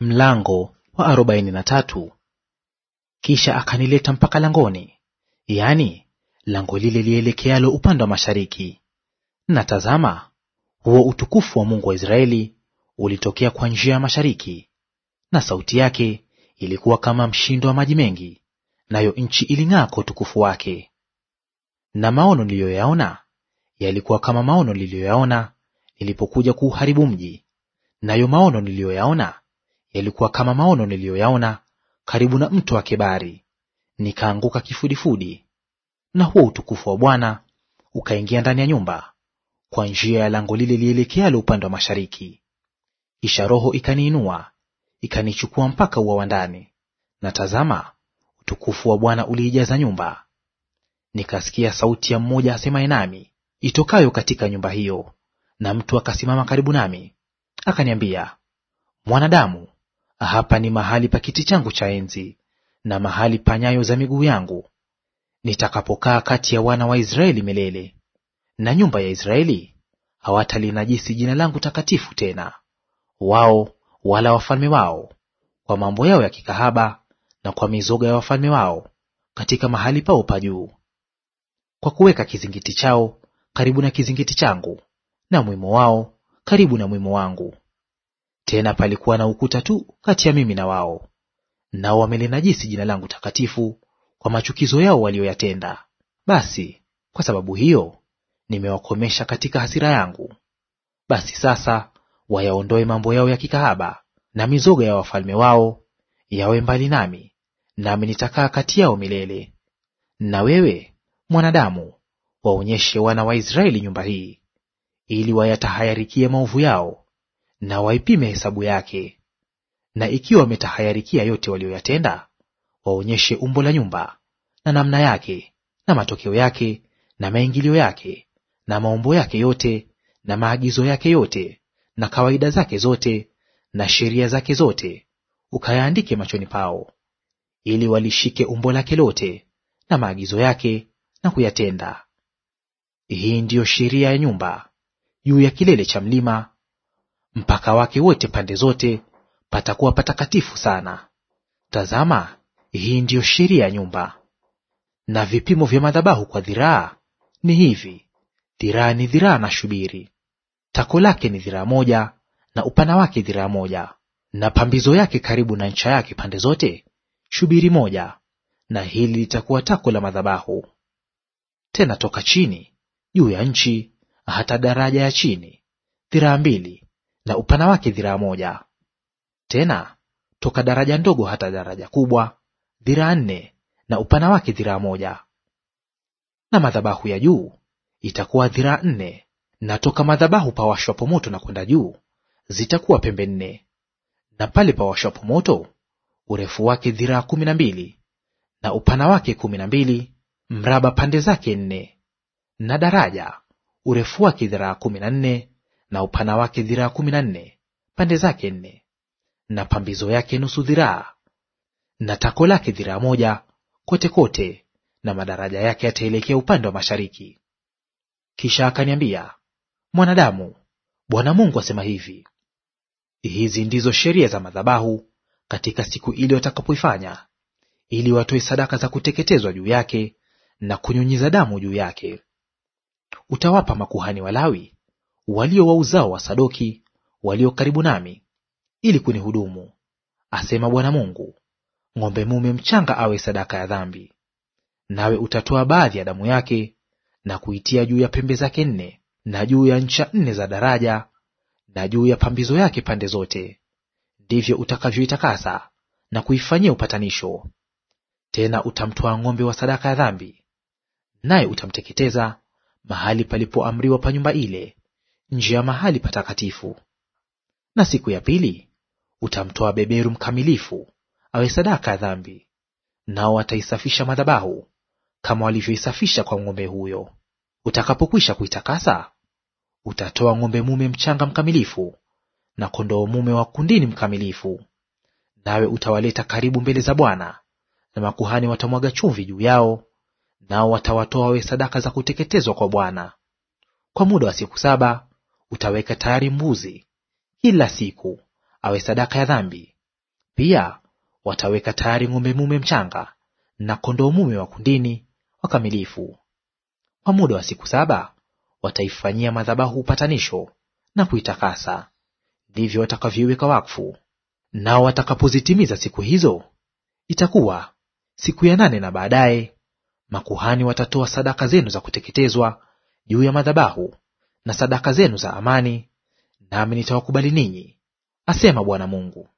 Mlango wa arobaini na tatu. Kisha akanileta mpaka langoni, yaani lango lile lielekealo upande wa mashariki. Na tazama, huo utukufu wa Mungu wa Israeli ulitokea kwa njia ya mashariki, na sauti yake ilikuwa kama mshindo wa maji mengi, nayo nchi iling'aa kwa utukufu wake. Na maono niliyoyaona yalikuwa kama maono niliyoyaona nilipokuja kuuharibu mji, nayo maono niliyoyaona yalikuwa kama maono niliyoyaona karibu na mto wa Kebari, nikaanguka kifudifudi. Na huo utukufu wa Bwana ukaingia ndani ya nyumba kwa njia ya lango lile lielekealo upande wa mashariki. Kisha Roho ikaniinua ikanichukua mpaka ua wa ndani, na tazama, utukufu wa Bwana uliijaza nyumba. Nikasikia sauti ya mmoja asemaye nami itokayo katika nyumba hiyo, na mtu akasimama karibu nami akaniambia, mwanadamu, hapa ni mahali pa kiti changu cha enzi na mahali pa nyayo za miguu yangu, nitakapokaa kati ya wana wa Israeli milele. Na nyumba ya Israeli hawatalinajisi jina langu takatifu tena, wao wala wafalme wao, kwa mambo yao ya kikahaba na kwa mizoga ya wafalme wao katika mahali pao pa juu, kwa kuweka kizingiti chao karibu na kizingiti changu, na mwimo wao karibu na mwimo wangu. Tena palikuwa na ukuta tu kati ya mimi na wao, nao wamelinajisi jina langu takatifu kwa machukizo yao waliyoyatenda. Basi kwa sababu hiyo nimewakomesha katika hasira yangu. Basi sasa wayaondoe mambo yao ya kikahaba na mizoga ya wafalme wao yawe mbali nami, nami nitakaa kati yao milele. Na wewe mwanadamu, waonyeshe wana wa Israeli nyumba hii, ili wayatahayarikie maovu yao na waipime hesabu yake. Na ikiwa wametahayarikia yote walioyatenda, waonyeshe umbo la nyumba na namna yake na matokeo yake na maingilio yake na maombo yake yote na maagizo yake yote na kawaida zake zote na sheria zake zote, ukayaandike machoni pao, ili walishike umbo lake lote na maagizo yake na kuyatenda. Hii ndiyo sheria ya nyumba juu ya kilele cha mlima mpaka wake wote pande zote patakuwa patakatifu sana. Tazama, hii ndiyo sheria ya nyumba. Na vipimo vya madhabahu kwa dhiraa ni hivi: dhiraa ni dhiraa na shubiri. Tako lake ni dhiraa moja na upana wake dhiraa moja, na pambizo yake karibu na ncha yake pande zote shubiri moja, na hili litakuwa tako la madhabahu. Tena toka chini juu ya nchi hata daraja ya chini dhiraa mbili na upana wake dhiraa moja. Tena toka daraja ndogo hata daraja kubwa dhiraa nne na upana wake dhiraa moja. Na madhabahu ya juu itakuwa dhiraa nne, na toka madhabahu pawashwapo moto na kwenda juu zitakuwa pembe nne, na pale pawashwapo moto urefu wake dhiraa kumi na mbili na upana wake kumi na mbili mraba pande zake nne, na daraja urefu wake dhiraa kumi na nne na upana wake dhiraa kumi na nne pande zake nne na pambizo yake nusu dhiraa na tako lake dhiraa moja kote kote, na madaraja yake yataelekea upande wa mashariki. Kisha akaniambia, Mwanadamu, Bwana Mungu asema hivi, hizi ndizo sheria za madhabahu katika siku ile watakapoifanya, ili watoe sadaka za kuteketezwa juu yake na kunyunyiza damu juu yake. Utawapa makuhani Walawi walio wa uzao wa Sadoki walio karibu nami ili kunihudumu, asema Bwana Mungu. Ng'ombe mume mchanga awe sadaka ya dhambi, nawe utatoa baadhi ya damu yake na kuitia juu ya pembe zake nne na juu ya ncha nne za daraja na juu ya pambizo yake pande zote. Ndivyo utakavyoitakasa na kuifanyia upatanisho. Tena utamtoa ng'ombe wa sadaka ya dhambi, naye utamteketeza mahali palipoamriwa pa nyumba ile nje ya mahali patakatifu. Na siku ya pili utamtoa beberu mkamilifu awe sadaka ya dhambi, nao wataisafisha madhabahu kama walivyoisafisha kwa ng'ombe huyo. Utakapokwisha kuitakasa, utatoa ng'ombe mume mchanga mkamilifu na kondoo mume wa kundini mkamilifu, nawe utawaleta karibu mbele za Bwana, na makuhani watamwaga chumvi juu yao, nao watawatoa wawe sadaka za kuteketezwa kwa Bwana. Kwa muda wa siku saba Utaweka tayari mbuzi kila siku awe sadaka ya dhambi. Pia wataweka tayari ng'ombe mume mchanga na kondoo mume wa kundini wakamilifu. Kwa muda wa siku saba wataifanyia madhabahu upatanisho na kuitakasa; ndivyo watakavyoiweka wakfu. Nao watakapozitimiza siku hizo, itakuwa siku ya nane na baadaye, makuhani watatoa sadaka zenu za kuteketezwa juu ya madhabahu na sadaka zenu za amani, nami nitawakubali ninyi, asema Bwana Mungu.